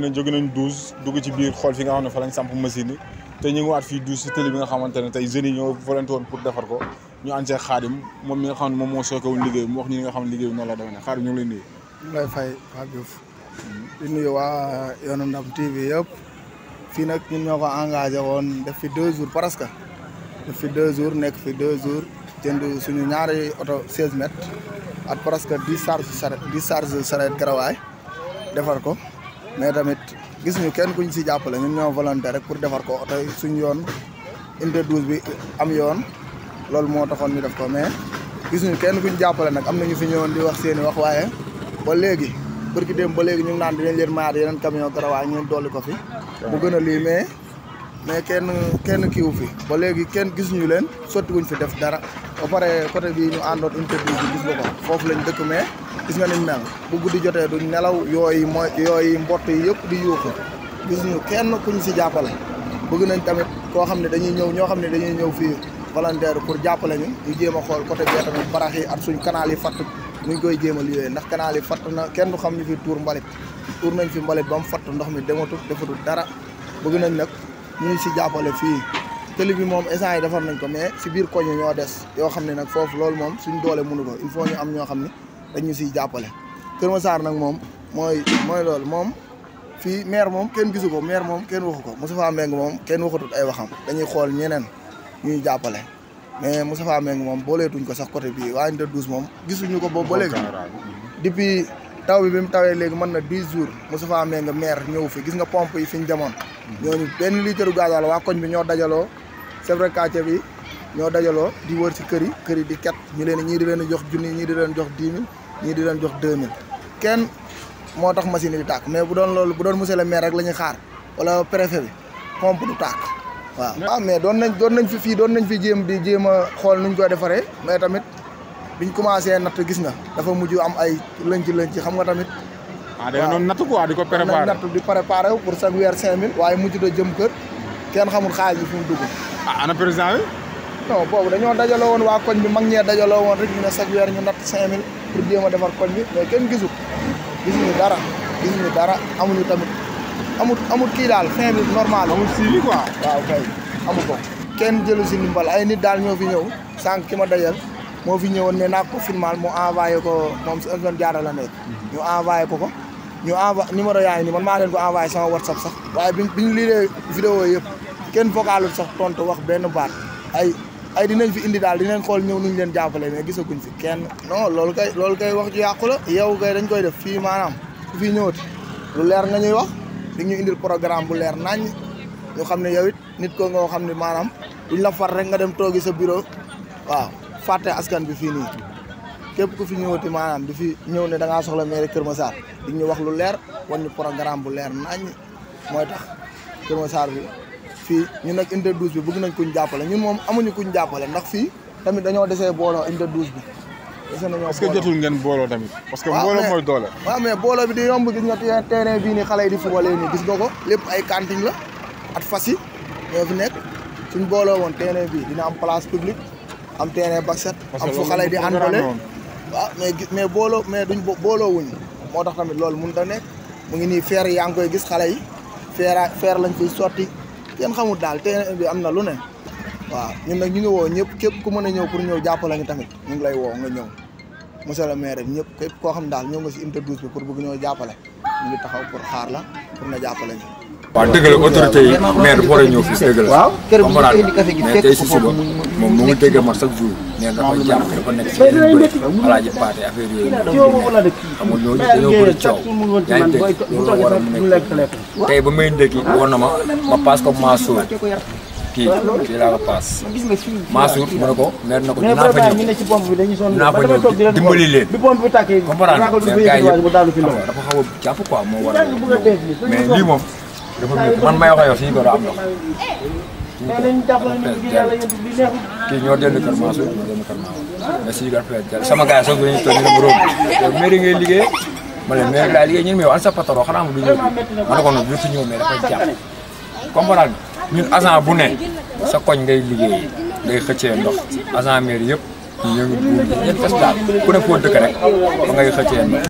ne jóge nañ douze dugg ci biir xool fi nga xam ne fa lañ samp machine yi te ñu ngi waat fi douze si télé nga xamante ne tey jeunes yi ñoo volonté woon pour defar ko ñu ànd see Xaadim moom mi nga xam ne moom moo sookewul liggéey mu wax ñi nga xam ne liggéey bi noonu ne Xaadim ñu ngi fay Pape Diouf di waa Yoonu Ndam TV yëpp fii nag ñun ñoo ko engagé woon def fi deux jours presque def fi deux jours nekk fi deux jours jënd suñu ñaari oto 16 at presque dix charge charrette dix charge charrette garawaay defar ko mais tamit gis ñu kenn kuñ si jàppale ñun ñoo volonté rek pour defar ko tey suñu yoon unité 12 bi am yoon loolu moo taxoon ñu def ko mais gis ñu kenn kuñ jàppale nag am nañu fi ñëwoon di wax seen i wax waaye ba léegi pour ki dem ba léegi ñu ngi naan dinañ leen mayaat yeneen camion garawaay ñu dolli ko fi mu gën a lii mais mais kenn kenn kiiw fi ba léegi kenn gis ñu leen sotti wuñ fi def dara ba pare côté bi ñu àndoon interview bi gis nga ko foofu lañ dëkk mais gis nga niñ mel bu guddi jotee duñ nelaw yooyu mooy yooyu mbott yi yëpp di yuuxu gis ñu kenn kuñ si jàppale bëgg nañ tamit koo xam ne dañuy ñëw ñoo xam ne dañuy ñëw fii volontaire pour jàppale ñu ñu jéem a xool côté bee tamit barax yi ak suñ canal yi fatt ñu koy jéem a liggéey ndax canal yi fatt na kenn du xam ñu fi tuur mbalit tuur nañ fi mbalit ba mu fatt ndox mi dematul defatul dara bëgg nañ nag ñu ngi si jàppale fii tëli bi moom instant yi defar nañ ko mais si biir koñ ñoo des yoo xam ne nag foofu loolu moom suñ doole mënu ko il faut ñu am ñoo xam ne dañu siy jàppale Kër saar nag moom mooy mooy loolu moom fii maire moom kenn gisu ko maire moom kenn waxu ko Moustapha Mbengue moom kenn waxatut ay waxam dañuy xool ñeneen ñuy jàppale mais Moustapha Mbengue moom booleetuñ ko sax côté bii waa Unité 12 moom gisuñu ko boobu ba léegi depuis taw bi bi mu tawee léegi mën na 10 jours Moustapha Mbengue maire ñëw fi gis nga pompe yi fi ñu demoon hmm. ñooñu benn litre gasoil waa koñ bi ñoo dajaloo chef de quartier bi ñoo dajaloo di wër ci kër yi kër yi di ket ñu leen ñii di leen jox junni ñii di leen jox dix mille ñii di leen jox deux mille kenn moo tax machine yi di tàkk mais bu doon loolu bu doon monsieur le maire rek la ñuy xaar wala préfet bi pompe du tàkk waaw. waaw ah, mais doon nañ doon nañ fi fii doon nañ fi jéem di jéem a xool nuñ koy defaree mais tamit biñ commencé natt gis nga dafa mujj am ay lënc-lënc xam nga tamit. waaw ah, da nga doon natt quoi di ko préparer natt di préparer pour chaque weer cinq mille waaye mujj do jëm kër. kenn xamul xaalis bi fu mu dugg. ah ana président bi. non boobu dañoo dajaloo woon waa koñ bi mag ñee dajaloo woon rek ñu ne chaque weer ñu natt 5000 pour jéem a defar koñ bi mais kenn gisul gisuñu dara gisuñu dara amuñu tamit amul amul kii daal 5000 normal. amul suivi quoi. waaw kay ko kenn jëlu si ndimbal ay nit daal ñoo fi ñëw sànq ki ma dajal moo fi ñëwoon ne naa ko filmal mu envoyé ko moom si zone jaara la nekk. ñu ko ko ñu envoyé numéro yaay ni man maa leen ko envoyé sama whatsapp sax waaye biñ biñ yëpp. Ken vocalul sax tontu wax ben baat ay ay dinañ fi indi dal dinañ xol ñew nuñ leen jappalé mais gisaguñ fi ken non lolou kay lolou kay wax ju yàqu la yow kay dañ koy def fi manam fi ñewut lu leer nga ñuy wax di ñu programme bu leer nañ ñu xamné yow it nit ko nga xamné manam. buñ la far rek nga dem togi sa bureau waaw faté askan bi fi ni kep ku fi ñewuti manam di fi ñew ne da nga soxla mairie Kër Massar di ñu wax lu leer wan programme bu leer nañ moy tax Kër Massar bi fi ñu nak inter 12 bi bëgg nañ kuñ jàppale ñun mom amuñu kuñ jàppale ndax fi tamit dañoo déssé bolo inter 12 bi déssé nañu parce que jotul ngeen bolo tamit parce que bolo moy doole wa mais bolo bi di yomb gis nga terrain bi ni xalé di footballé ni gis goko lepp ay kanting la at fasi ñoo fi nek suñ bolo won terrain bi dina am place publique am terrain basket am fu xalé di àndale wa mais mais bolo mais duñ bolo wuñ motax tamit lool mun ta nekk mu ngi ni fer yaa koy gis xalé yi fer fer lañ fi sorti kenn xamul daal terrain bi am na lu ne waaw ñun nag ñu ngi woo ñëpp képp ku mën a ñëw pour ñëw jàppale ñu tamit ñu ngi lay woo nga ñëw monsieur le maire ak ñëpp koo xam daal ñëw ma si unité douze bi pour bëgg ñoo jàppale ñu ngi taxaw pour xaar la pour nga jàppale ñu waaw dëgg la autorité yi maire war a ñëw fii dëgg la. waaw kër bu ñu indi café gi fekk ko foofu moom mu ngi dégg ma chaque jour. nee na dafa jàpp dafa nekk ci biir bëri alaaji paate affaire yooyu xam nga loolu dañoo bëri coow yaa ngi dégg loolu war a mu nekk tey ba may ndékki ah? woon na ma ma paas ko Mansour kii ah, kii laa ko paas Mansour mu ne ko maire na ko dinaa fa ñëw dinaa fa ñëw dimbali leen comprendre mais gars yi yëpp dafa xaw a jàpp quoi moo war a mais lii moom man may wax ak yow suñu góor a am ndox. kii ñoo dellu kër Mansour ñoo dellu kër Mansour mais suñu góor a sama gars sax dañuy toog ñu ne ma roon mairie ngay liggéey ma ne mairie laa liggéey ñun mais an sa pataro xanaa mu du ñëw ma ne ko noonu dootu ñëw mais dafay jàpp comprendre ñun agent bu ne sa koñ ngay liggéey ngay xëccee ndox agent mairie yëpp ñu ngi buur ñëpp ku ne foo dëkk rek ba ngay xëccee ndox